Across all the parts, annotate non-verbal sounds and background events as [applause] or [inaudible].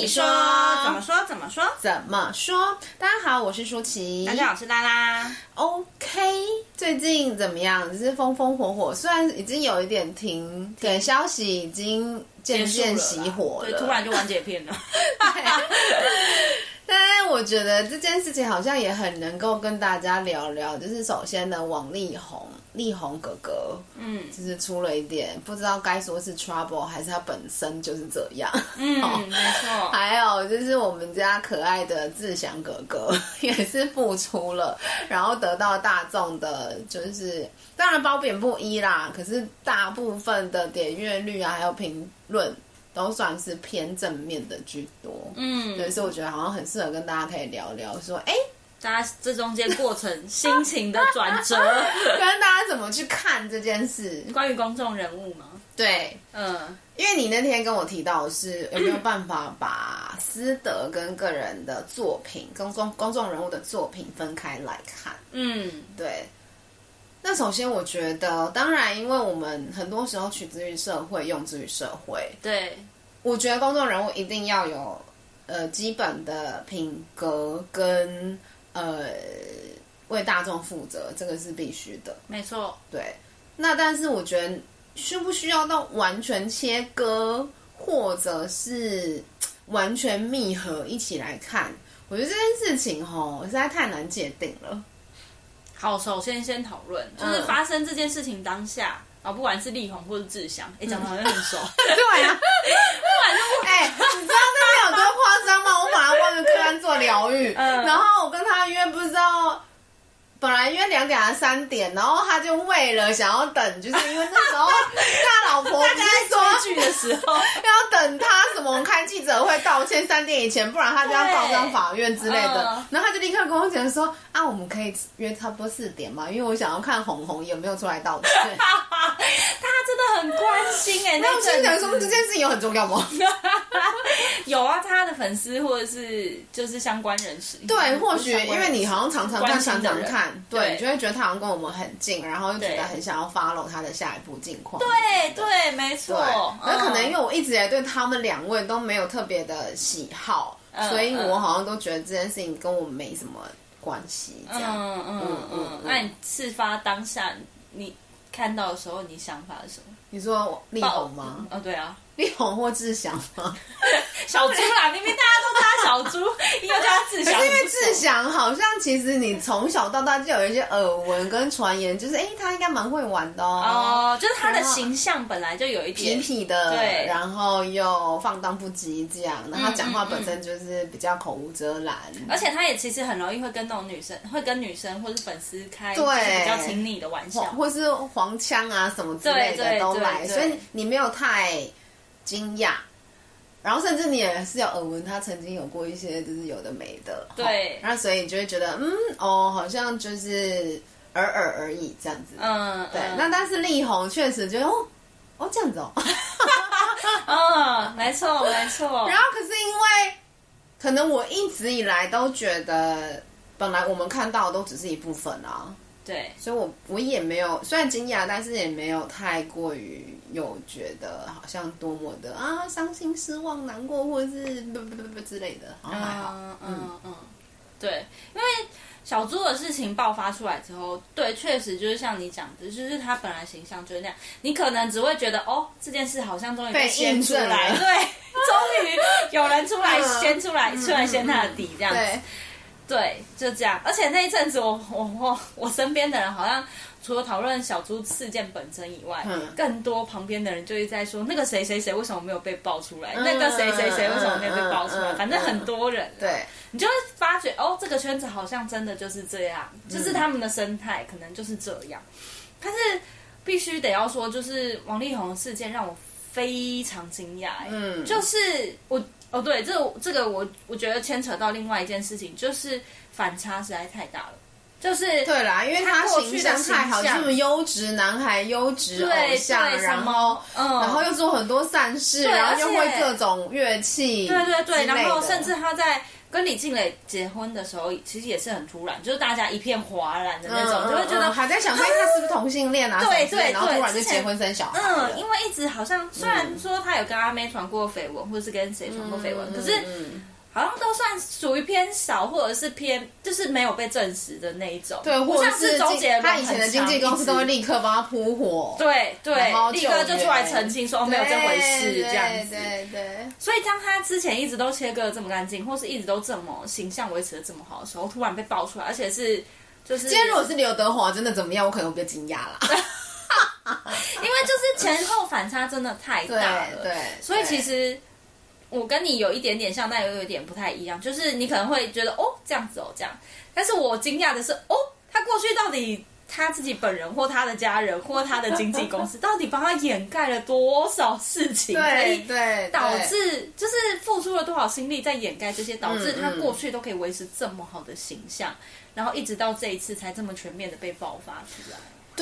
你說怎麼說？怎麼說？怎麼說？大家好，我是舒娸，大家好，我是拉拉。OK，最近怎麼樣？就是風風火火，雖然已經有一點停，點消息已經漸漸熄火了，了，對，突然就完結篇了。 [laughs] 對 [laughs] 但我覺得這件事情好像也很能夠跟大家聊聊，就是首先呢，王力宏、力宏哥哥，嗯，就是出了一點，不知道該說是 trouble 還是他本身就是這樣，嗯，喔、沒錯。還有就是我們家可愛的志祥哥哥，也是付出了，然後得到大眾的，就是當然褒貶不一啦，可是大部分的點閱率啊，還有評論。都算是偏正面的居多，嗯，對，所以我覺得好像很適合跟大家可以聊聊，說，哎、嗯，大家這中間過程心情的轉折， [laughs] 跟大家怎麼去看這件事，關於公眾人物嘛，對，嗯、呃，因為你那天跟我提到的是有沒有辦法把私德跟個人的作品，公眾公眾人物的作品分開來看，嗯，對。那首先，我覺得當然，因為我們很多時候取之於社會，用之於社會。對，我覺得公眾人物一定要有呃基本的品格跟呃為大眾負責，這個是必須的。沒錯。對。那但是我覺得需不需要到完全切割，或者是完全密合一起來看，我覺得這件事情吼實在太難界定了。好，首先先討論，就是發生這件事情當下，啊、嗯哦、不管是力宏或者志祥，哎、欸，講得好像很熟，嗯、 [laughs] [laughs] 對呀、啊，反正哎，你知道那天有多誇張嗎？ [laughs] 我晚上幫着柯安做療癒、 [laughs] 嗯，然後我跟他約，不知道。本來約兩點啊三點，然後他就為了想要等，就是因為那時候他老婆在追劇的時候要等他什麼我們開記者會道歉，三點以前不然他就要告上法院之類的。然後他就立刻跟我講說啊，我們可以約差不多四點嘛，因為我想要看紅紅有沒有出來道歉。他真的很關心哎、欸，那我先講說這件事情有很重要嗎？有啊，他的粉絲或者是就是相關人士，對，或許因為你好像常常看、常常看對，對，你就會覺得他好像跟我們很近，然後又覺得很想要 follow 他的下一步近況。對對，對，沒錯。那、嗯、可能因為我一直也對他們兩位都沒有特別的喜好、嗯，所以我好像都覺得這件事情跟我沒什麼關係。這樣，嗯嗯嗯。那、嗯嗯嗯、你事發當下你看到的時候，你想法是什麼？你說力宏嗎？啊、嗯哦，對啊。力宏或志祥嗎？小豬啦，明明大家都叫他小豬，應該叫他志祥。可是因為志祥好像其實你從小到大就有一些耳聞跟傳言，就是哎、欸，他應該蠻會玩的哦、喔。哦，就是他的形象本來就有一點痞痞的，對，然後又放蕩不羈這樣，然後講話本身就是比較口無遮攔、嗯嗯嗯。而且他也其實很容易會跟那種女生，會跟女生或是粉絲開比較親昵的玩笑或，或是黃腔啊什麼之類的都來。所以你沒有太。驚訝，然後甚至你也是有耳聞，他曾經有過一些，就是有的沒的。對、哦，那所以你就會覺得，嗯，哦，好像就是爾爾而已這樣子。嗯，對嗯。那但是力宏確實覺得，哦，哦這樣子哦。 [laughs] 哦，沒錯沒錯。然後可是因為，可能我一直以來都覺得，本來我們看到的都只是一部分啊。對，所以我，我我也沒有，雖然驚訝，但是也沒有太過於有覺得好像多麼的啊傷心、失望、難過，或是不不不，不之類的。好、啊嗯、還好，嗯嗯，對，因為小豬的事情爆發出來之後，對，確實就是像你講的，就是他本來形象就是那樣，你可能只會覺得哦，這件事好像終於被掀出來了了，對，終於有人出來掀出來、嗯，出來掀他的底這樣子。對對，就這樣。而且那一陣子我，我我我身邊的人好像除了討論小豬事件本身以外，嗯，更多旁邊的人就會在說那個誰誰誰為什麼沒有被爆出來，嗯、那個誰誰誰為什麼沒有被爆出來。嗯嗯、反正很多人、嗯，對，你就會發覺哦，這個圈子好像真的就是這樣，就是他們的生態可能就是這樣。嗯、但是必須得要說，就是王力宏的事件讓我非常驚訝、欸，嗯，就是我。哦、oh，對，這個這個我我覺得牽扯到另外一件事情，就是反差實在太大了，就是對啦，因為他形象太好，就這麼優質男孩、優質偶像，對對然後、嗯、然後又做很多善事，然後又會各種樂器，對，對對對，然後甚至他在。跟李靜蕾結婚的時候，其實也是很突然，就是大家一片嘩然的那種，嗯、就會覺得、嗯嗯、還在想說他是不是同性戀啊，對，對對，然後突然就結婚生小孩。嗯，因為一直好像雖然說他有跟阿妹傳過緋聞、嗯，或者是跟誰傳過緋聞、嗯，可是。嗯嗯好像都算屬於偏少，或者是偏就是沒有被證實的那一種。對，或者是他以前的經紀公司都會立刻幫他撲火。對對，立刻就出來澄清說沒有這回事這樣子。對對，對，對。所以當他之前一直都切割的這麼乾淨，或是一直都這麼形象維持的這麼好的時候，突然被爆出來，而且是就是，今天如果是劉德華真的怎麼樣，我可能會比較驚訝啦。 [laughs] 因為就是前後反差真的太大了，對對對，所以其實。我跟你有一點點像，但又有一點不太一樣。就是你可能會覺得哦，這樣子哦，這樣。但是我驚訝的是，哦，他過去到底他自己本人或他的家人或他的經紀公司， [laughs] 到底幫他掩蓋了多少事情？對，對，對。導致就是付出了多少心力在掩蓋這些，導致他過去都可以維持這麼好的形象，嗯嗯，然後一直到這一次才這麼全面的被爆發出來。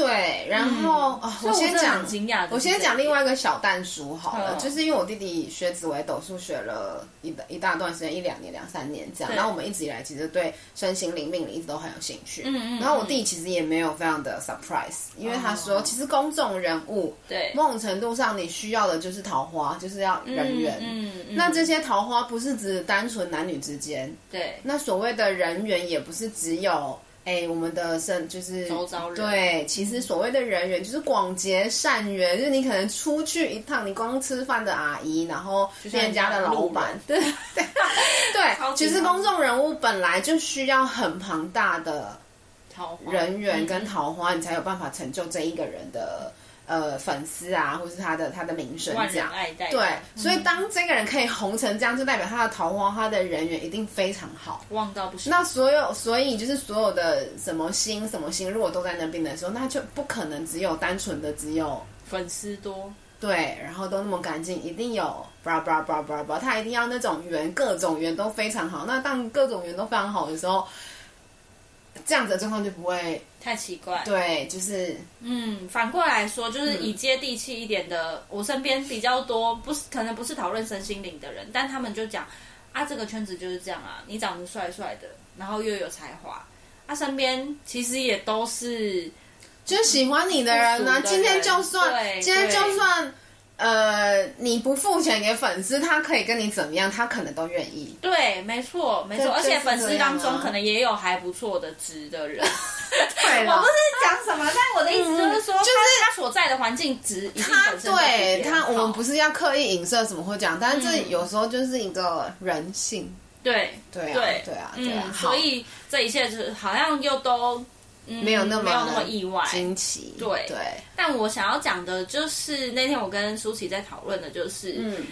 對，然後、嗯哦、我，我先講，我先講另外一個小蛋書好了，哦、就是因為我弟弟學紫微斗數學了一一大段時間，一兩年、兩三年這樣。然後我們一直以來其實對身心靈命理一直都很有興趣。嗯嗯。然後我弟，弟其實也沒有非常的 surprise，嗯、因為他說、哦，其實公眾人物，對，某種程度上你需要的就是桃花，就是要人緣。嗯。嗯嗯，那這些桃花不是指單純男女之間，對。那所謂的人緣也不是只有。哎、欸，我們的生就是周遭人，對，其實所謂的人緣就是廣結善緣，就是你可能出去一趟，你光吃飯的阿姨，然後就是店家的老闆，對對對，其實公眾人物本來就需要很龐大的桃人緣跟桃花、嗯，你才有辦法成就這一個人的。呃，粉絲啊，或是他的他的名聲這樣，戴戴對、嗯，所以當這個人可以紅成這樣，就代表他的桃花、他的人緣一定非常好。旺到不行。那所有，所以就是所有的什麼星、什麼星，如果都在那邊的時候，那就不可能只有單純的只有粉絲多。對，然後都那麼乾淨，一定有不拉不拉不拉不拉不拉，他一定要那種緣，各種緣都非常好。那當各種緣都非常好的時候。這樣子的狀況就不會太奇怪。對，就是，嗯，反過來說，就是以接地氣一點的，嗯、我身邊比較多不是，可能不是討論身心靈的人，但他們就講啊，這個圈子就是這樣啊，你長得帥帥的，然後又有才華，啊，身邊其實也都是就喜歡你的人呢、啊。今天就算，今天就算。呃，你不付錢給粉絲，他可以跟你怎麼樣？他可能都願意。對，沒錯，沒錯。而且粉絲當中、就是啊、可能也有還不錯的值的人。 [laughs] 對了 [laughs] 我不是講什麼、嗯，但我的意思就是說，就是他，他所在的環境值，他對他，我們不是要刻意影射什麼或講，但是這有時候就是一個人性。對、嗯、對啊，對啊，對啊，對啊，、嗯對啊嗯。所以這一切就是好像又都。嗯、沒有那麼沒有那麼意外驚奇，對對。但我想要講的就是那天我跟舒娸在討論的，就是嗯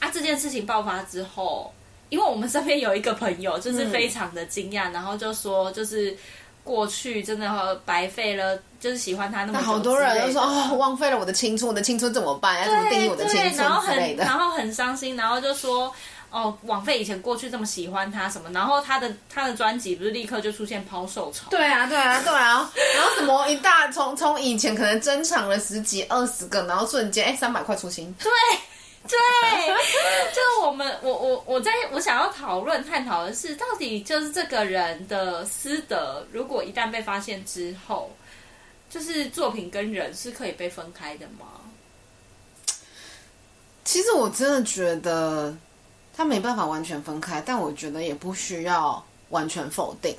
啊這件事情爆發之後，因為我們身邊有一個朋友就是非常的驚訝，嗯、然後就說就是過去真的白費了，就是喜歡他那麼好多人都說啊，哦、浪費了我的青春，我的青春怎麼辦？要怎麼定義我的青春之類的，然後很然後很傷心，然後就說。哦，枉費以前過去這麼喜歡他什麼，然後他的他的專輯不是立刻就出現拋售潮？對啊，對啊，對啊， [laughs] 然後什麼一大從從以前可能珍藏了十幾二十個，然後瞬間哎、欸、三百塊出清。對，對，就是我們我我我在我想要討論探討的是，到底就是這個人的私德，如果一旦被發現之後，就是作品跟人是可以被分開的嗎？其實我真的覺得。他沒辦法完全分開，但我覺得也不需要完全否定。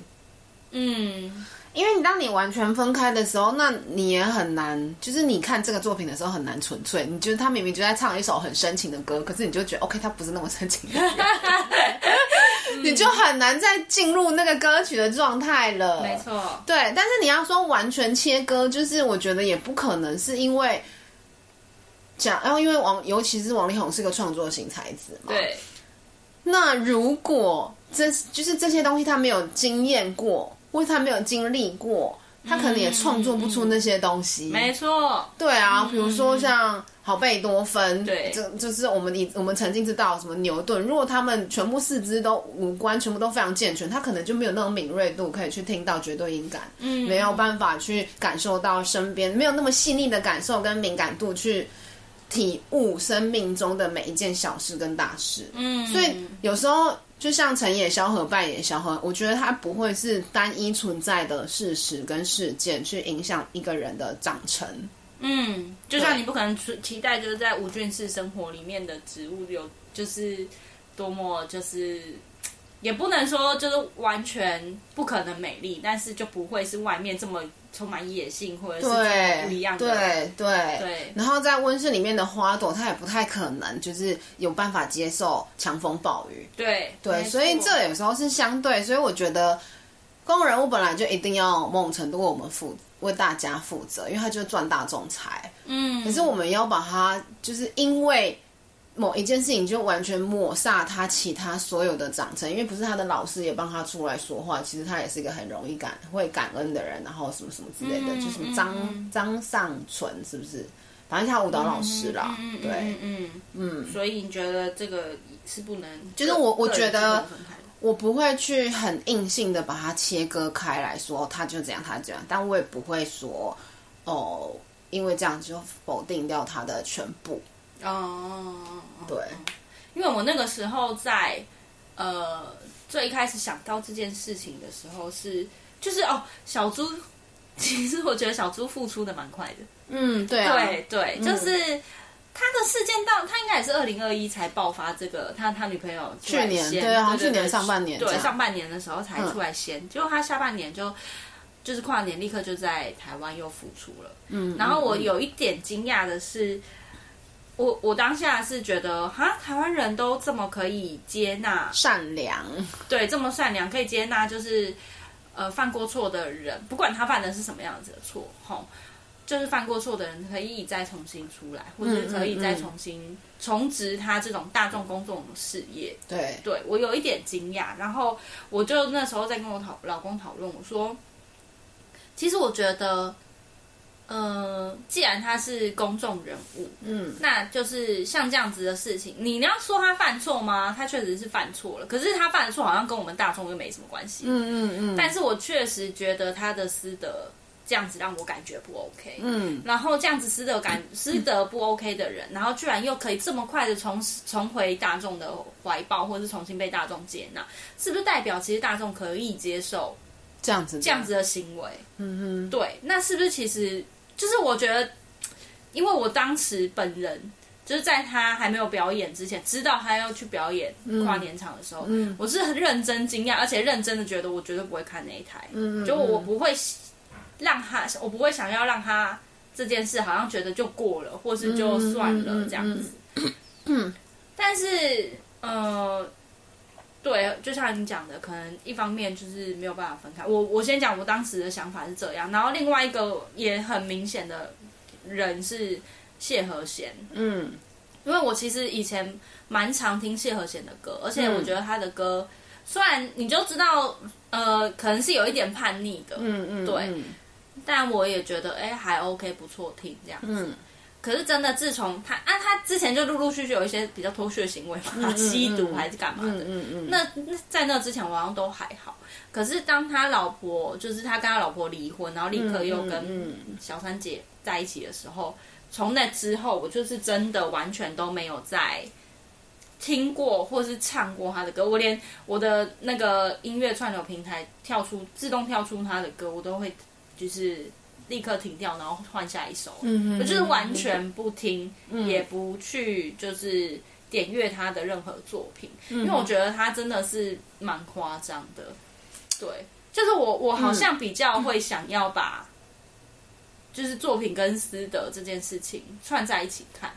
嗯，因為你當你完全分開的時候，那你也很難，就是你看這個作品的時候很難純粹。你覺得他明明就在唱一首很深情的歌，可是你就覺得 OK，他不是那麼深情的、 [laughs] 嗯，你就很難再進入那個歌曲的狀態了。沒錯，對。但是你要說完全切割，就是我覺得也不可能，是因為講，然後，啊，因為王，尤其是王力宏是個創作型才子嘛，對。那如果這是就是這些東西，他沒有經驗過，或者他沒有經歷過，他可能也創作不出那些東西。沒錯，嗯，對啊，嗯，比如說像好貝多芬，對，就就是我們以我們曾經知道什麼牛頓，如果他們全部四肢都五官全部都非常健全，他可能就沒有那種敏銳度可以去聽到絕對音感，嗯，沒有辦法去感受到身邊沒有那麼細膩的感受跟敏感度去。體悟生命中的每一件小事跟大事，嗯，所以有時候就像成也蕭何，敗也蕭何，我覺得它不會是單一存在的事實跟事件去影響一個人的長成，嗯，就像你不可能期待就是在無菌室生活裡面的植物有就是多麼就是。也不能說就是完全不可能美麗，但是就不會是外面這麼充滿野性或者是不一樣的。對對對，對。然後在溫室裡面的花朵，它也不太可能就是有辦法接受強風暴雨。對對，對，所以這有時候是相對。所以我覺得公共人物本來就一定要某種程度我們負為大家負責，因為他就是賺大眾財。嗯。可是我們要把它，就是因為。某一件事情就完全抹煞他其他所有的掌聲，因為不是他的老師也幫他出來說話，其實他也是一個很容易感會感恩的人，然後什麼什麼之類的，嗯、就什麼張張尚純是不是？反正他舞蹈老師啦，嗯、對，嗯嗯。所以你覺得這個是不能？就是我我覺得個個不，我不會去很硬性的把它切割開來說，他就怎樣，他怎樣，但我也不會說哦，因為這樣就否定掉他的全部。哦、oh，對，因為我那個時候在呃最一開始想到這件事情的時候是就是哦小豬，其實我覺得小豬復出的蠻快的，嗯對、啊、對對、嗯，就是他的事件到他應該也是二零二一才爆發這個，他他女朋友去年對啊去年上半年對上半年的時候才出來先，嗯、結果他下半年就就是跨年立刻就在台灣又復出了，嗯，然後我有一點驚訝的是。我我當下是覺得哈，台灣人都這麼可以接納善良，對，這麼善良可以接納，就是，呃，犯過錯的人，不管他犯的是什麼樣子的錯，吼，就是犯過錯的人可以再重新出來，或者可以再重新重植他這種大眾公眾事業。嗯嗯嗯對，對我有一點驚訝，然後我就那時候在跟我討老公討論，我說，其實我覺得。呃、嗯，既然他是公眾人物，嗯，那就是像這樣子的事情，你要說他犯錯嗎？他確實是犯錯了，可是他犯的錯好像跟我們大眾又沒什麼關係，嗯嗯嗯。但是我確實覺得他的私德這樣子讓我感覺不 OK，嗯。然後這樣子私德感、嗯、私德不 OK 的人，然後居然又可以這麼快的重重回大眾的懷抱，或者是重新被大眾接納，是不是代表其實大眾可以接受這樣子的這樣子的行為？嗯嗯，對，那是不是其實？就是我覺得，因為我當時本人就是在他還沒有表演之前，知道他要去表演跨年場的時候，嗯嗯，我是很認真驚訝，而且認真的覺得我絕對不會看那一台，嗯嗯，就我不會讓他，我不會想要讓他這件事好像覺得就過了，或是就算了這樣子。嗯嗯嗯嗯嗯，但是呃。對，就像你講的，可能一方面就是沒有辦法分開。我我先講我當時的想法是這樣，然後另外一個也很明顯的人是謝和弦，嗯，因為我其實以前蠻常聽謝和弦的歌，而且我覺得他的歌、嗯、雖然你就知道，呃，可能是有一點叛逆的，嗯嗯，對嗯，但我也覺得哎還 OK 不錯聽這樣子。嗯可是真的自，自從他啊，他之前就陸陸續續有一些比較脫序的行為嘛，吸毒還是幹嘛的。嗯嗯,嗯,嗯那那在那之前，我好像都還好。可是當他老婆，就是他跟他老婆離婚，然後立刻又跟小三姐在一起的時候，從、嗯嗯嗯、那之後，我就是真的完全都沒有再聽過或是唱過他的歌。我連我的那個音樂串流平台跳出自動跳出他的歌，我都會就是。立刻停掉，然後換下一首，嗯哼哼。我就是完全不聽，嗯、也不去，就是點閱他的任何作品，嗯，因為我覺得他真的是蠻誇張的。對，就是我，我好像比較會想要把，就是作品跟私德這件事情串在一起看。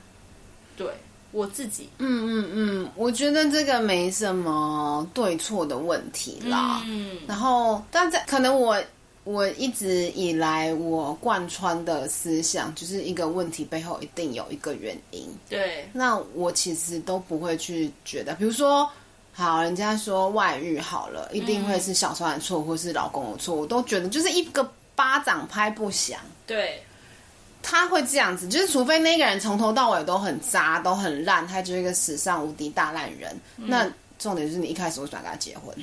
對，我自己，嗯嗯嗯，我覺得這個沒什麼對錯的問題啦。嗯，然後，但在可能我。我一直以來，我貫穿的思想就是一個問題背後一定有一個原因。對。那我其實都不會去覺得，比如說，好，人家說外遇好了，一定會是小三的錯、嗯，或是老公的錯，我都覺得就是一個巴掌拍不響。對。他會這樣子，就是除非那個人從頭到尾都很渣，都很爛，他就是一個史上無敵大爛人、嗯。那重點就是你一開始我想跟他結婚。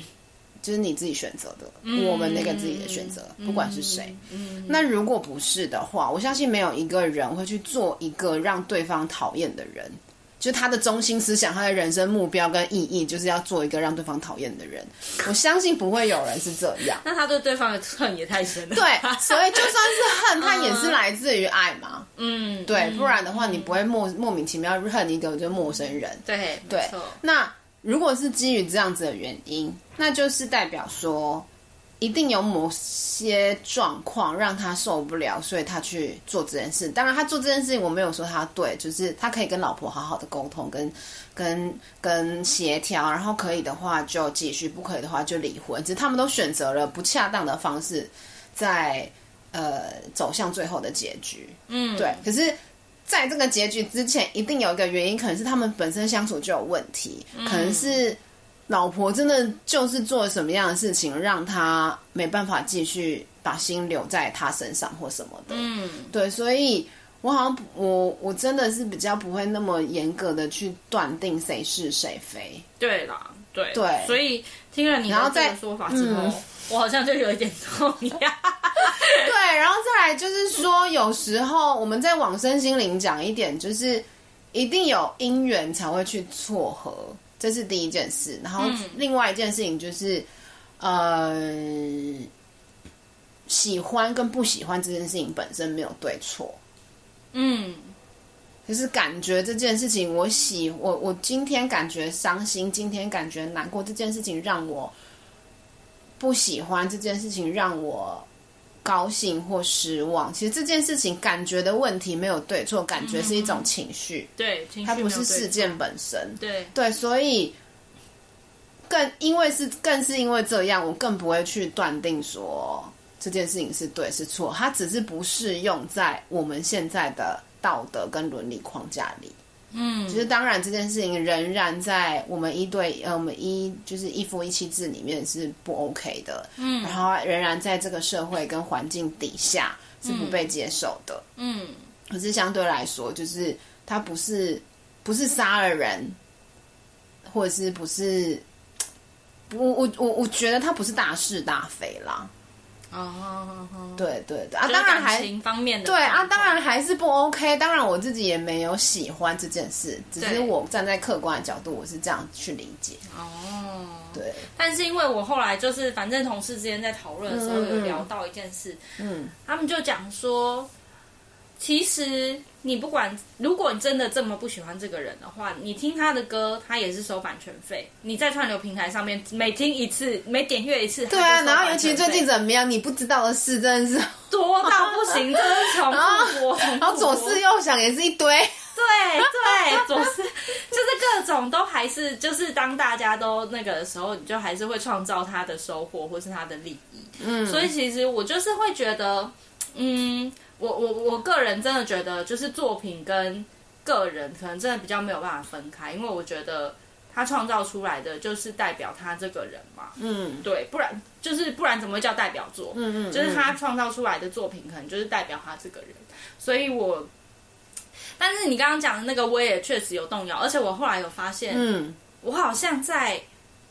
就是你自己選擇的、嗯，我們那個自己的選擇、嗯，不管是誰。嗯，那如果不是的話，我相信沒有一個人會去做一個讓對方討厭的人。就他的中心思想，他的人生目標跟意義，就是要做一個讓對方討厭的人。 [laughs] 我相信不會有人是這樣。 [laughs] 那他對對方的恨也太深了。 [laughs] 對，所以就算是恨，他也是來自於愛嘛。嗯，對，不然的話，你不會莫莫名其妙恨一個就是陌生人。對對，對，那。如果是基於這樣子的原因，那就是代表說，一定有某些狀況讓他受不了，所以他去做這件事。當然，他做這件事情，我沒有說他對，就是他可以跟老婆好好的溝通，跟跟跟協調，然後可以的話就繼續，不可以的話就離婚。只是他們都選擇了不恰當的方式在，在呃走向最後的結局。嗯，對。可是。在這個結局之前，一定有一個原因，可能是他們本身相處就有問題，嗯，可能是老婆真的就是做什麼樣的事情，讓他沒辦法繼續把心留在他身上或什麼的。嗯，對，所以我好像我我真的是比較不會那麼嚴格的去斷定誰是誰非。對啦，對對，所以聽了你的這個說法之後，後、嗯，我好像就有一點動搖。 [laughs] 然後再來就是說，有時候我們在往身心靈講一點，就是一定有因緣才會去撮合，這是第一件事。然後另外一件事情就是，呃，喜歡跟不喜歡這件事情本身沒有對錯，嗯，就是感覺這件事情，我喜我我今天感覺傷心，今天感覺難過，這件事情讓我不喜歡，這件事情讓我高興或失望，其實這件事情感覺的問題沒有對錯，感覺是一種情緒，對、嗯，它不是事件本身，嗯、對，情緒沒有對錯，對，對，對，所以更因為是更是因為這樣，我更不會去斷定說這件事情是對是錯，它只是不適用在我們現在的道德跟倫理框架裡。嗯，其實當然這件事情仍然在我們一對呃，我們一就是一夫一妻制裡面是不 OK 的，嗯，然後仍然在這個社會跟環境底下是不被接受的，嗯，嗯，可是相對來說，就是他不是不是殺了人，或者是不是我我我我覺得他不是大是大非啦。哦、oh, oh,，oh, oh. 對對，對、就是、的啊，當然還對啊，當然還是不 OK。當然我自己也沒有喜歡這件事，只是我站在客觀的角度，我是這樣去理解。哦、oh,，對。但是因為我後來就是，反正同事之間在討論的時候有聊到一件事，嗯，嗯他們就講說，其實。你不管，如果你真的這麼不喜歡這個人的話，你聽他的歌，他也是收版權費。你在串流平台上面每聽一次，每點閱一次，對啊，然後尤其最近怎麼樣，你不知道的事真的是多到不行， [laughs] 真的是超多。然後左思右想也是一堆，對對，左思就是各種都還是就是當大家都那個的時候，你就還是會創造他的收穫或是他的利益。嗯，所以其實我就是會覺得，嗯。我我我個人真的覺得，就是作品跟個人可能真的比較沒有辦法分開，因為我覺得他創造出來的就是代表他這個人嘛，嗯，對，不然就是不然怎麼會叫代表作？嗯嗯，嗯，就是他創造出來的作品可能就是代表他這個人，所以我，但是你剛剛講的那個我也確實有動搖，而且我後來有發現，嗯，我好像在。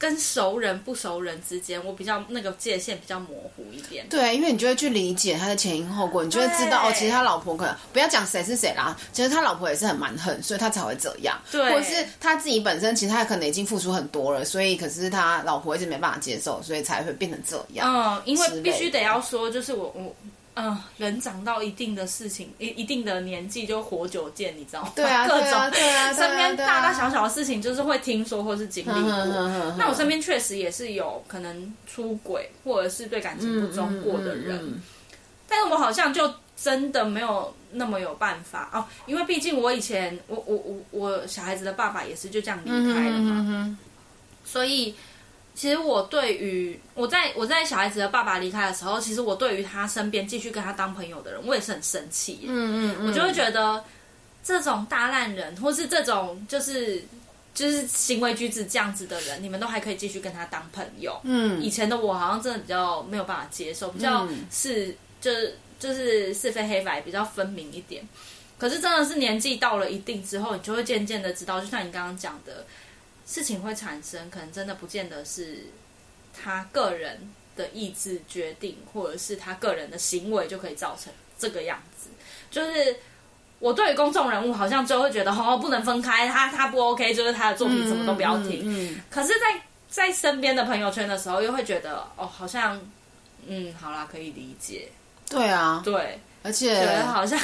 跟熟人不熟人之間，我比較那個界限比較模糊一點。對，因為你就會去理解他的前因後果，你就會知道哦，其實他老婆可能不要講誰是誰啦，其實他老婆也是很蠻橫，所以他才會這樣。對，或者是他自己本身其實他可能已經付出很多了，所以可是他老婆一直沒辦法接受，所以才會變成這樣。嗯，因為必須得要說，嗯、就是我我。嗯、呃，人長到一定的事情，一一定的年紀就活久見，你知道嗎？對、啊、各種對、啊對啊對啊、身邊大大小小的事情，就是會聽說或是經歷過、啊啊啊。那我身邊確實也是有可能出軌，或者是對感情不忠過的人。嗯嗯嗯嗯、但是，我好像就真的沒有那麼有辦法哦，因為畢竟我以前，我我我我小孩子的爸爸也是就這樣離開了嘛，嗯、所以。其實我對於我在我在小孩子的爸爸離開的時候，其實我對於他身邊繼續跟他當朋友的人，我也是很生氣。嗯嗯，我就會覺得這種大爛人，或是這種就是就是行為舉止這樣子的人，你們都還可以繼續跟他當朋友。嗯，以前的我好像真的比較沒有辦法接受，比較是就是就是是非黑白比較分明一點。可是真的是年紀到了一定之後，你就會漸漸的知道，就像你剛剛講的。事情會產生，可能真的不見得是他個人的意志決定，或者是他個人的行為就可以造成這個樣子。就是我對於公眾人物，好像就會覺得哦，不能分開他，他不 OK，就是他的作品什麼都不要聽。嗯嗯嗯、可是在，在在身邊的朋友圈的時候，又會覺得哦，好像嗯，好啦，可以理解。對啊，對，而且覺得好像。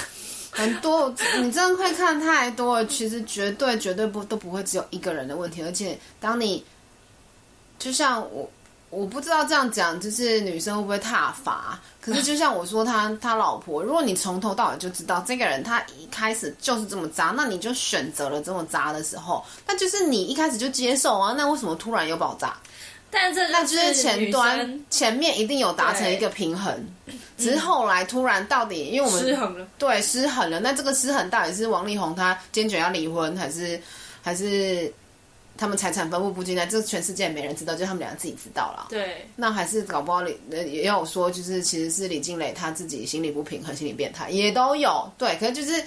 很多，你真的會看太多，其實絕對絕對不都不會只有一個人的問題。而且當你，就像我，我不知道這樣講就是女生會不會撻伐。可是就像我說他他老婆，如果你從頭到尾就知道這個人他一開始就是這麼渣，那你就選擇了這麼渣的時候，那就是你一開始就接受啊。那為什麼突然又爆炸？但是那就是前端前面一定有達成一個平衡，只是後來突然到底因為我們失衡了，對失衡了。那這個失衡到底是王力宏他堅決要離婚，還是還是他們財產分布不均呢？這全世界也沒人知道，就他們倆自己知道了。對，那還是搞不好李也要我說就是其實是李靚蕾她自己心理不平衡、心理變態也都有。對，可是就是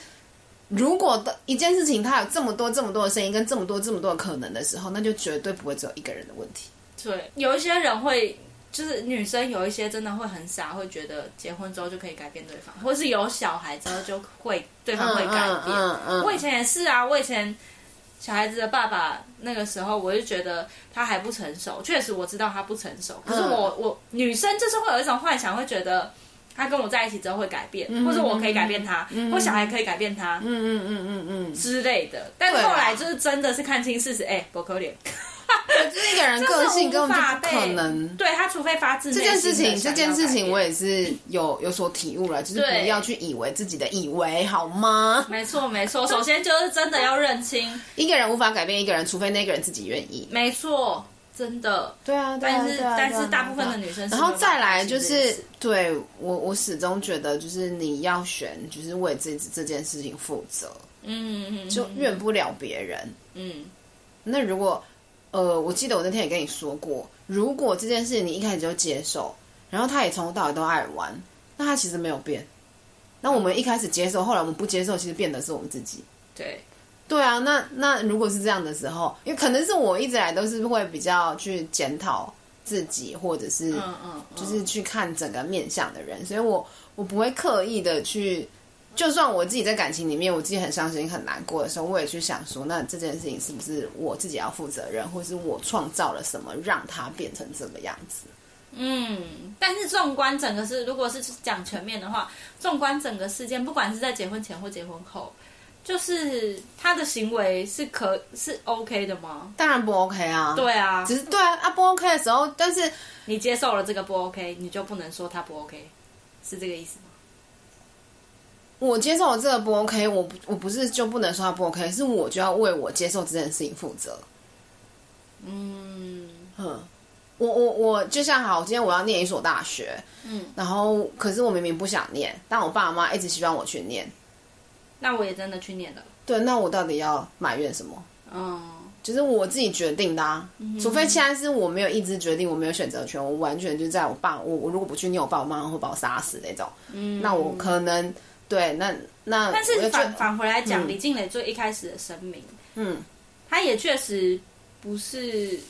如果一件事情他有這麼多這麼多的聲音跟這麼多這麼多的可能的時候，那就絕對不會只有一個人的問題。對，有一些人會，就是女生有一些真的會很傻，會覺得結婚之後就可以改變對方，或是有小孩之後就會對方會改變。我以前也是啊，我以前小孩子的爸爸那個時候，我就覺得他還不成熟，確實我知道他不成熟。可是我我女生就是會有一種幻想，會覺得他跟我在一起之後會改變，或者我可以改變他，或小孩可以改變他，嗯嗯嗯嗯嗯之類的。但後來就是真的是看清事實，哎，不可憐。 [laughs] 就是一個人個性根本就不可能，對他，除非發自這件事情。這件事情我也是有有所體悟了，就是不要去以為自己的以為，好嗎？沒錯，沒錯。首先就是真的要認清，一個人無法改變一個人，除非那個人自己願意。沒錯，真的。對啊，但是但是大部分的女生，然後再來就是，對我我始終覺得就是你要選，就是為自己這件事情負責。嗯，就怨不了別人。嗯，那如果。呃，我記得我那天也跟你說過，如果這件事你一開始就接受，然後他也從頭到尾都愛玩，那他其實沒有變。那我們一開始接受，後來我們不接受，其實變的是我們自己。對，對啊。那那如果是這樣的時候，因為可能是我一直來都是會比較去檢討自己，或者是嗯嗯，就是去看整個面向的人，所以我我不會刻意的去。就算我自己在感情裡面，我自己很傷心很難過的時候，我也去想說，那這件事情是不是我自己要負責任，或是我創造了什麼讓他變成這個樣子？嗯，但是縱觀整個事，如果是講全面的話，縱觀整個事件，不管是在結婚前或結婚後，就是他的行為是可是 OK 的嗎？當然不 OK 啊！對啊，只是對啊啊不 OK 的時候，但是你接受了這個不 OK，你就不能說他不 OK，是這個意思嗎？我接受我這個不 OK，我不我不是就不能說他不 OK，是我就要為我接受這件事情負責。嗯，呵，我我我就像好，今天我要念一所大學，嗯，然後可是我明明不想念，但我爸我媽一直希望我去念，那我也真的去念了。對，那我到底要埋怨什麼？嗯、哦，就是我自己決定的，啊嗯，除非現在是我沒有意志決定，我沒有選擇權，我完全就在我爸，我我如果不去念我爸，我爸我媽會把我殺死那種。嗯，那我可能。對，那那但是反返回來講、嗯，李靚蕾最一開始的聲明，嗯，他也確實不是，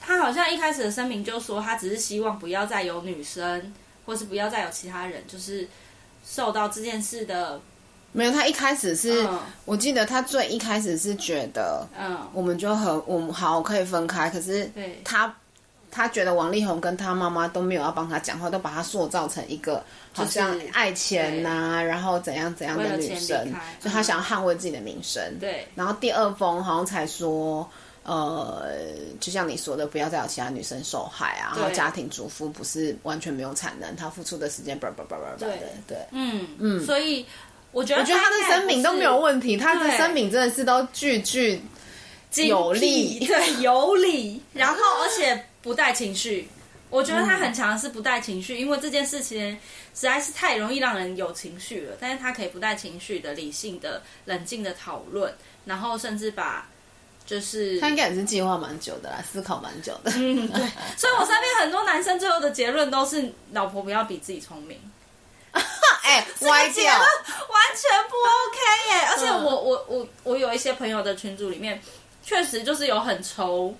他好像一開始的聲明就說他只是希望不要再有女生，或是不要再有其他人，就是受到這件事的，沒有。他一開始是、嗯、我記得他最一開始是覺得，嗯，我們就很我們好我可以分開，可是對他。對他覺得王力宏跟他媽媽都沒有要幫他講話，都把他塑造成一個好像愛錢吶、啊就是，然後怎樣怎樣的女生，就他想要捍衛自己的名聲、嗯。對。然後第二封好像才說，呃，就像你說的，不要再有其他女生受害啊。然後家庭主婦不是完全沒有產能，他付出的時間叭叭叭叭叭。對對。嗯嗯，所以我覺得，我覺得他的聲明都沒有問題，他的聲明真的是都句句有力，有理。 [laughs] 然後，而且。不帶情緒，我覺得他很強，是不帶情緒、嗯，因為這件事情實在是太容易讓人有情緒了。但是他可以不帶情緒的、理性的、冷靜的討論，然後甚至把就是他應該也是計劃蠻久的啦，思考蠻久的。嗯，對。所以，我身邊很多男生最後的結論都是老婆不要比自己聰明。哎、 [laughs] 欸歪， [laughs] 這個結論完全不 OK 耶！而且，我我我我有一些朋友的群組裡面，確實就是有很愁。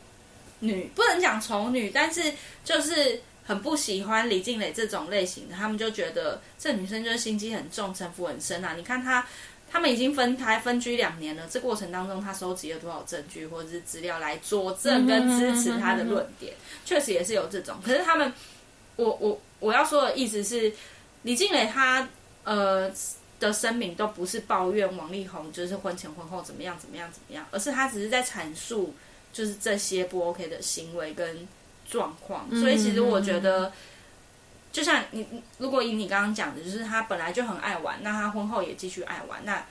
女不能講醜女，但是就是很不喜歡李靜蕾這種類型的。他們就覺得這女生就是心機很重、城府很深啊。你看她，他們已經分開分居兩年了，這過程當中她收集了多少證據或者是資料來佐證跟支持她的論點。嗯嗯嗯嗯嗯嗯。確實也是有這種。可是他們，我我我要說的意思是，李靜蕾她呃的聲明都不是抱怨王力宏，就是婚前婚後怎麼樣怎麼樣怎麼樣，怎麼樣，而是她只是在闡述。就是這些不 OK 的行為跟狀況，所以其實我覺得，就像你如果以你剛剛講的，就是他本來就很愛玩，那他婚後也繼續愛玩，那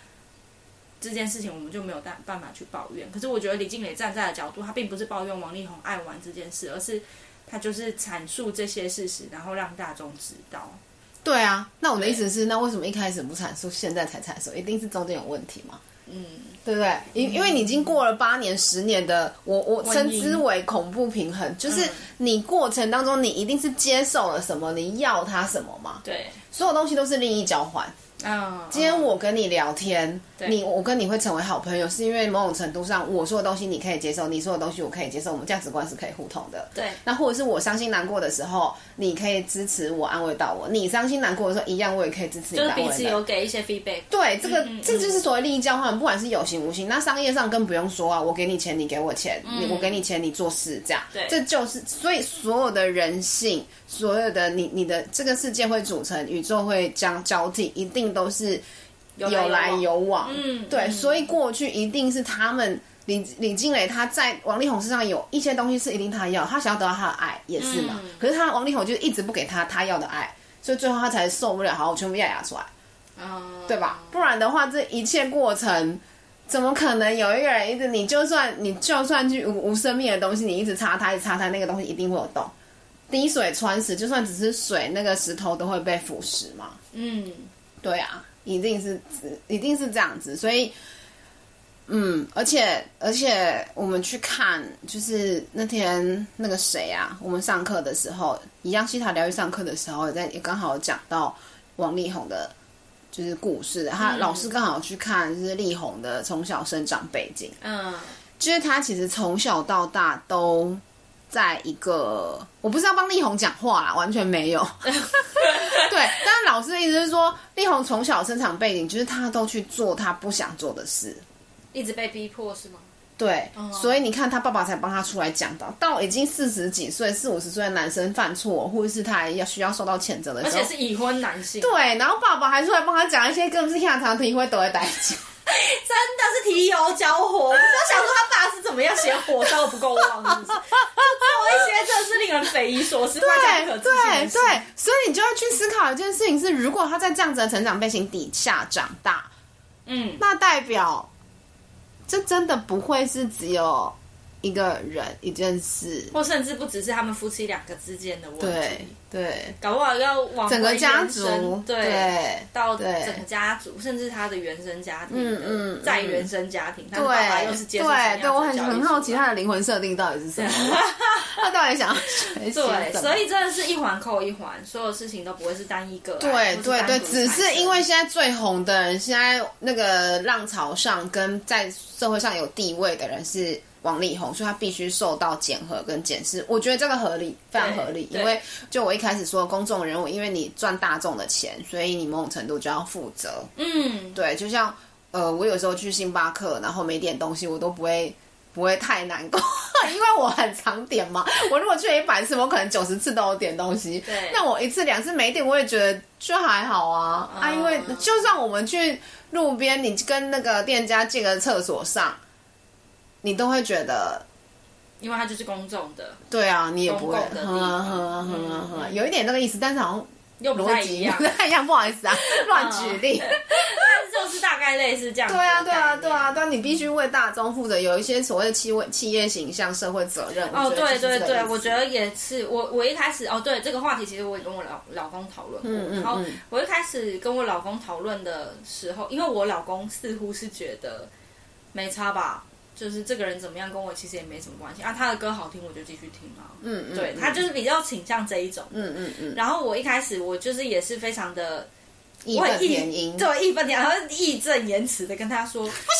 這件事情我們就沒有辦辦法去抱怨。可是我覺得李靜蕾站在的角度，他並不是抱怨王力宏愛玩這件事，而是他就是闡述這些事實，然後讓大眾知道。對啊，那我的意思是，那為什麼一開始不闡述，現在才闡述，一定是中間有問題嗎？嗯，對不對？因、嗯、因為你已經過了八年、嗯、十年的我，我我稱之為恐怖平衡，就是你過程當中，你一定是接受了什麼，你要他什麼嘛？對，所有東西都是利益交換。啊、oh, oh,，oh, 今天我跟你聊天，你我跟你會成為好朋友，是因為某種程度上我說的東西你可以接受，你說的東西我可以接受，我們價值觀是可以互通的。對，那或者是我傷心難過的時候，你可以支持我，安慰到我；你傷心難過的時候，一樣我也可以支持你，就我、是、彼此有給一些 feedback。對，這個嗯嗯嗯，這就是所謂利益交換，不管是有形無形。那商業上更不用說啊，我給你錢，你給我錢；嗯、你我給你錢，你做事這樣。對，這就是所以所有的人性，所有的你你的這個世界會組成，宇宙會將交替一定。都是有來有往，嗯，對，嗯、所以過去一定是他們李李靚蕾他在王力宏身上有一些東西是一定他要，他想要得到他的愛也是嘛。嗯、可是他王力宏就一直不給他他要的愛，所以最後他才受不了，好，我全部壓壓出來，啊、嗯，對吧？不然的話，這一切過程怎麼可能有一個人一直？你就算你就算去無無生命的東西，你一直擦，一直他一擦，他那個東西一定會有洞。滴水穿石，就算只是水，那個石頭都會被腐蝕嘛。嗯。對啊，一定是，一定是這樣子，所以，嗯，而且，而且，我們去看，就是那天那個誰啊，我們上課的時候，一樣西塔療癒上課的時候，也在也剛好講到王力宏的，就是故事，嗯、他老師剛好去看，就是力宏的從小生長背景，嗯，就是他其實從小到大都在一個，我不是要幫力宏講話啦，完全沒有。 [laughs] [laughs] 對，但是老師的意思是說，力宏從小生長背景就是他都去做他不想做的事，一直被逼迫是嗎？對，oh. 所以你看他爸爸才幫他出來講到，到已經四十幾歲、四五十歲的男生犯錯，或者是他要需要受到譴責的時候，而且是已婚男性啊。對，然後爸爸還出來幫他講一些更是下場體會在的代。 [laughs] 真的是提油交火，我不知道想說他爸是怎麼樣嫌火燒不夠旺，我一些真的是令人匪夷所思。 [laughs] 對不可對對，所以你就要去思考一件事情是：如果他在這樣子的成長背景底下長大，嗯，那代表這真的不會是只有一個人一件事，或甚至不只是他們夫妻兩個之間的問題。對，搞不好要往整個家族對對，對，到整家族，甚至他的原生家庭，嗯嗯，在原生家庭，他的爸爸又是接受什麼樣的教育？對，對我很很好奇他的靈魂設定到底是什麼？他到底想要沒錯。所以真的是一環扣一環，所有事情都不會是單一個、欸。對對對，只是因為現在最紅的人，現在那個浪潮上跟在社會上有地位的人是王力宏，所以他必須受到檢核跟檢視。我覺得這個合理，非常合理，因為就我一。一開始說公眾人物，因為你賺大眾的錢，所以你某種程度就要負責。嗯，對，就像呃，我有時候去星巴克，然後沒點東西，我都不會不會太難過，因為我很常點嘛。我如果去了一百次，我可能九十次都有點東西。對，那我一次兩次沒點，我也覺得就還好啊。啊，因為就算我們去路邊，你跟那個店家借個廁所上，你都會覺得。因為他就是公眾的，對啊，你也不會、啊啊啊啊啊啊啊啊，有一點那個意思，但是好像、嗯、又不太一樣，不、嗯、太一樣，不好意思啊，亂 [laughs] 舉例， [laughs] 但是就是大概類似這樣。對啊，對啊，對啊，但、啊啊、你必須為大眾負責，有一些所謂的企企企業形象、社會責任。哦、嗯，對，對對對，我覺得也是。我我一開始哦，對這個話題，其實我也跟我老老公討論過、嗯嗯嗯。然後我一開始跟我老公討論的時候，因為我老公似乎是覺得沒差吧。就是這個人怎麼樣，跟我其實也沒什麼關係啊。他的歌好聽，我就繼續聽啊。嗯，嗯，對，他就是比較傾向這一種。嗯嗯嗯。然後我一開始我就是也是非常的義正一，對，義、嗯、然後義正言辭的跟他說不行。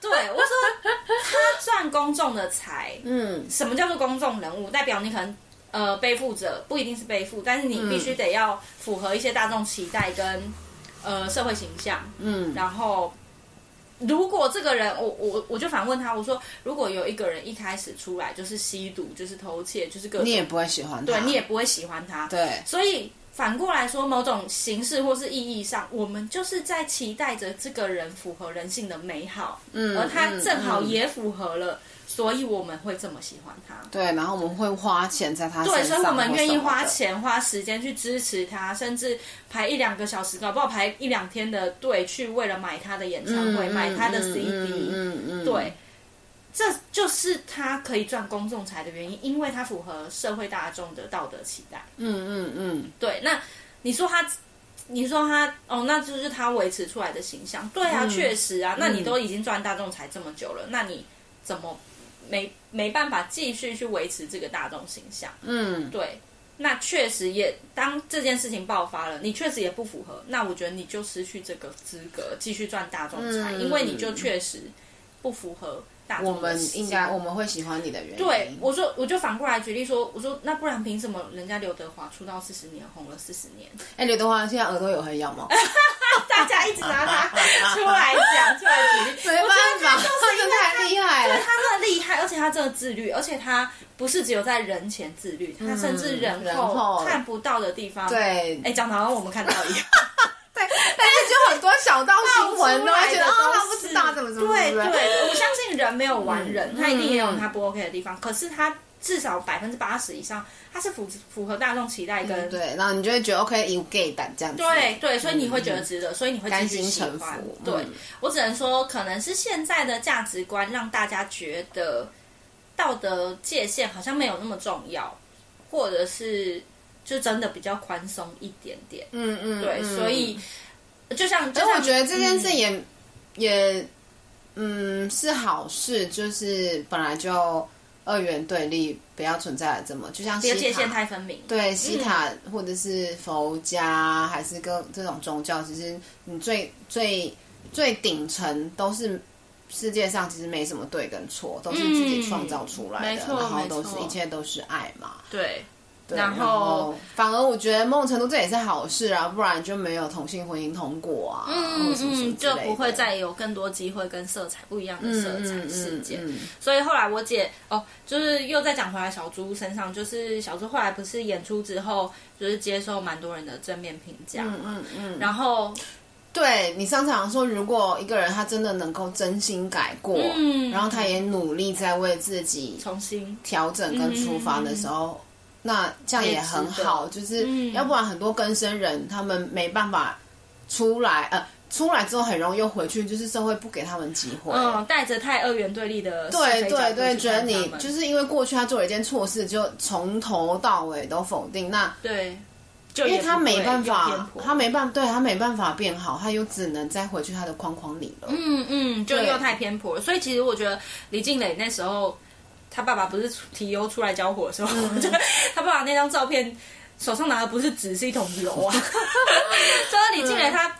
對，我說他賺公眾的財。嗯。什麼叫做公眾人物？代表你可能呃背負着不一定是背負，但是你必須得要符合一些大眾期待跟呃社會形象。嗯。然後。如果這個人，我我我就反問他，我說如果有一個人一開始出來就是吸毒，就是偷竊，就是各種，你也不會喜歡他，對，你也不會喜歡他，對。所以反過來說，某種形式或是意義上，我們就是在期待着這個人符合人性的美好，嗯，而他正好也符合了。嗯嗯嗯。所以我們會這麼喜歡他，對，然後我們會花錢在他身上，對，所以我們願意花錢花時間去支持他，甚至排一兩個小時，搞不好排一兩天的隊去為了買他的演唱會，嗯、買他的 CD，、嗯嗯嗯嗯嗯、對，這就是他可以賺公眾財的原因，因為他符合社會大眾的道德期待。嗯嗯嗯，對。那你說他，你說他，哦，那就是他維持出來的形象。對啊，確、嗯、實啊、嗯。那你都已經賺大眾財這麼久了，那你怎麼？沒沒辦法繼續去維持這個大眾形象，嗯，對，那確實也當這件事情爆發了，你確實也不符合，那我覺得你就失去這個資格繼續賺大眾財、嗯，因為你就確實不符合。我們應該我們會喜歡你的原因。對，我說，我就反過來舉例說，我說那不然憑什麼人家劉德華出道四十年紅了四十年？哎、欸，劉德華現在耳朵有很癢嗎？ [laughs] 大家一直拿他出來講， [laughs] 出來舉例，沒辦法，就是因為他太厲害了，因為他那麼厲害，而且他這個自律，而且他不是只有在人前自律，他甚至人後看不到的地方。嗯、對，哎、欸，講的好像我們看到一樣。 [laughs] [laughs] 對，但是就很多小道新聞， [laughs] 都會覺得啊、哦，他不知道怎麼怎麼，什麼。對。對對， [laughs] 我相信人沒有完人，他一定也有他不 OK 的地方。嗯、可是，他至少百分之八十以上，他是符符合大眾期待跟，嗯。對，然後你就會覺得 OK 有 gay 感這樣子。對對，所以你會覺得值得，嗯、所以你會真心喜歡、嗯。對，我只能說，可能是現在的價值觀讓大家覺得道德界限，好像沒有那麼重要，或者是。就真的比較寬鬆一點點，嗯嗯，對，所以、嗯、就像就像，而且我覺得這件事也嗯也嗯是好事，就是本來就二元對立不要存在這麼，就像別界限太分明，對，西、嗯、塔或者是佛家還是各這種宗教，其實你最最最頂層都是世界上其實沒什麼對跟錯，都是自己創造出來的、嗯，然後都是一切都是愛嘛，對。然後，反而我覺得某種程度這也是好事啊，不然就沒有同性婚姻通過啊，嗯什麼什麼就不會再有更多機會跟色彩不一樣的色彩事件，嗯嗯嗯嗯，所以後來我姐哦，就是又再講回來小豬身上，就是小豬後來不是演出之後，就是接受蠻多人的正面評價，嗯嗯，嗯然後，對你上次說，如果一個人他真的能夠真心改過，嗯、然後他也努力在為自己重新調整跟出發的時候。嗯嗯嗯那這樣也很好，就是要不然很多更生人他們沒辦法出來，呃，出來之後很容易又回去，就是社會不給他們機會。嗯，帶着太二元對立的，對對對，覺得你就是因為過去他做了一件錯事，就從頭到尾都否定。那對，因為他沒辦法，他沒辦法，對他沒辦法變好，他又只能再回去他的框框裡了。嗯嗯，就又太偏頗了。所以其實我覺得李靚蕾那時候。他爸爸不是提油出來交火的時候？嗯嗯 [laughs] 他爸爸那張照片手上拿的不是紙，是一桶油啊。 [laughs] [laughs] [laughs] uh, yeah. 所以李靚蕾，他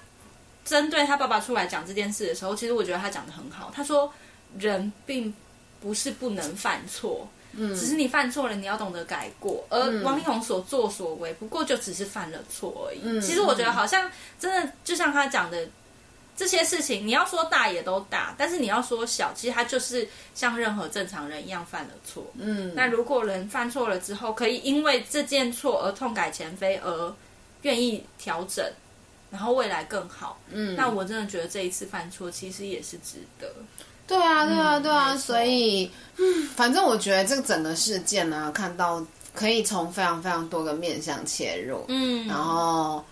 針對他爸爸出來講這件事的時候，其實我覺得他講得很好。他說人並不是不能犯錯，嗯，只是你犯錯了，你要懂得改過，嗯。而王力宏所作所為，不過就只是犯了錯而已，嗯嗯。其實我覺得好像真的，就像他講的。這些事情你要說大也都大，但是你要說小，其實它就是像任何正常人一樣犯了錯。嗯，那如果人犯錯了之後，可以因為這件錯而痛改前非，而願意調整，然後未來更好。嗯，那我真的覺得這一次犯錯其實也是值得。對啊，對啊，對啊。所以，嗯，反正我覺得這整個事件呢，啊，看到可以從非常非常多個面向切入。嗯，然後。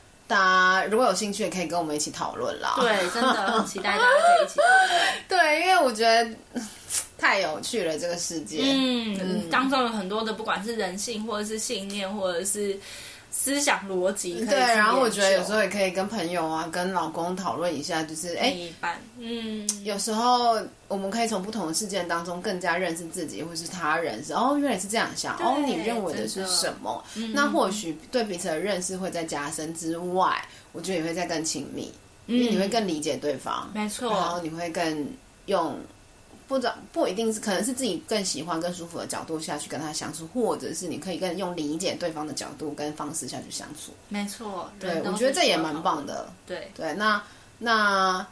如果有興趣也可以跟我們一起討論啦。對，真的很期待大家可以一起討論。 [laughs] 對，因為我覺得太有趣了，這個世界。嗯，嗯當中有很多的，不管是人性，或者是信念，或者是。思想邏輯。對，然後我覺得有時候也可以跟朋友啊、跟老公討論一下，就是哎、欸，一般。嗯，有時候我們可以從不同的事件當中更加認識自己或是他人是，哦，原來是這樣想，哦，你認為的是什麼？那或許對彼此的認識會再加深之外、嗯，我覺得也會再更親密，因為你會更理解對方，沒、嗯、錯，然後你會更用。或者不一定是，可能是自己更喜歡、更舒服的角度下去跟他相處，或者是你可以更用理解對方的角度跟方式下去相處。沒錯，對，我覺得這也蠻棒的。對對，那那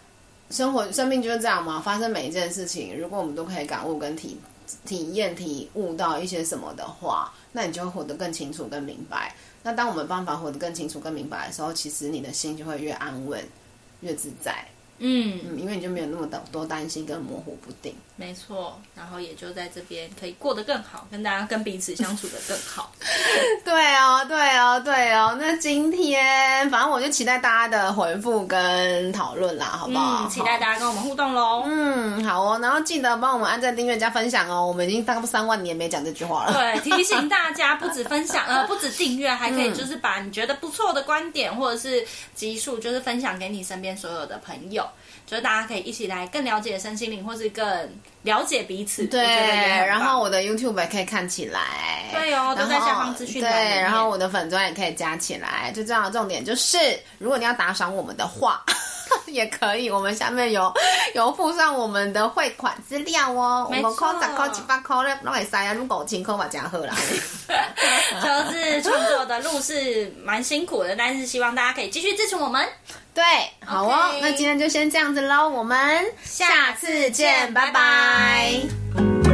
生活生命就是這樣嘛，發生每一件事情，如果我們都可以感悟跟體體驗體悟到一些什麼的話，那你就會活得更清楚、更明白。那當我們辦法活得更清楚、更明白的時候，其實你的心就會越安穩、越自在。嗯,嗯，因為你就沒有那麼多擔心跟模糊不定。沒錯，然後也就在這邊可以過得更好，跟大家跟彼此相處的更好。 [laughs] 對哦，對哦，對哦。那今天反正我就期待大家的回覆跟討論啦，好不好？嗯、好，期待大家跟我們互動嘍。嗯，好哦。然後記得幫我們按讚、訂閱加分享哦。我們已經大概三萬年沒講這句話了。對，提醒大家，不止分享， [laughs] 呃，不止訂閱，還可以就是把你覺得不錯的觀點或者是集數，就是分享給你身邊所有的朋友。就是大家可以一起來更了解身心靈，或是更了解彼此。對，然後我的 YouTube 也可以看起來。對哦，都在下方資訊欄。對，然後我的粉專也可以加起來。最重要的重點就是，如果你要打賞我們的話。也可以，我們下面有有附上我們的匯款資料哦。沒錯。我們五百塊、一百塊，那也塞啊。如果五千塊嘛就更好啦。就是創作的路是蠻辛苦的，但是希望大家可以繼續支持我們。對，好哦。Okay、那今天就先這樣子嘍，我們下次見，拜拜。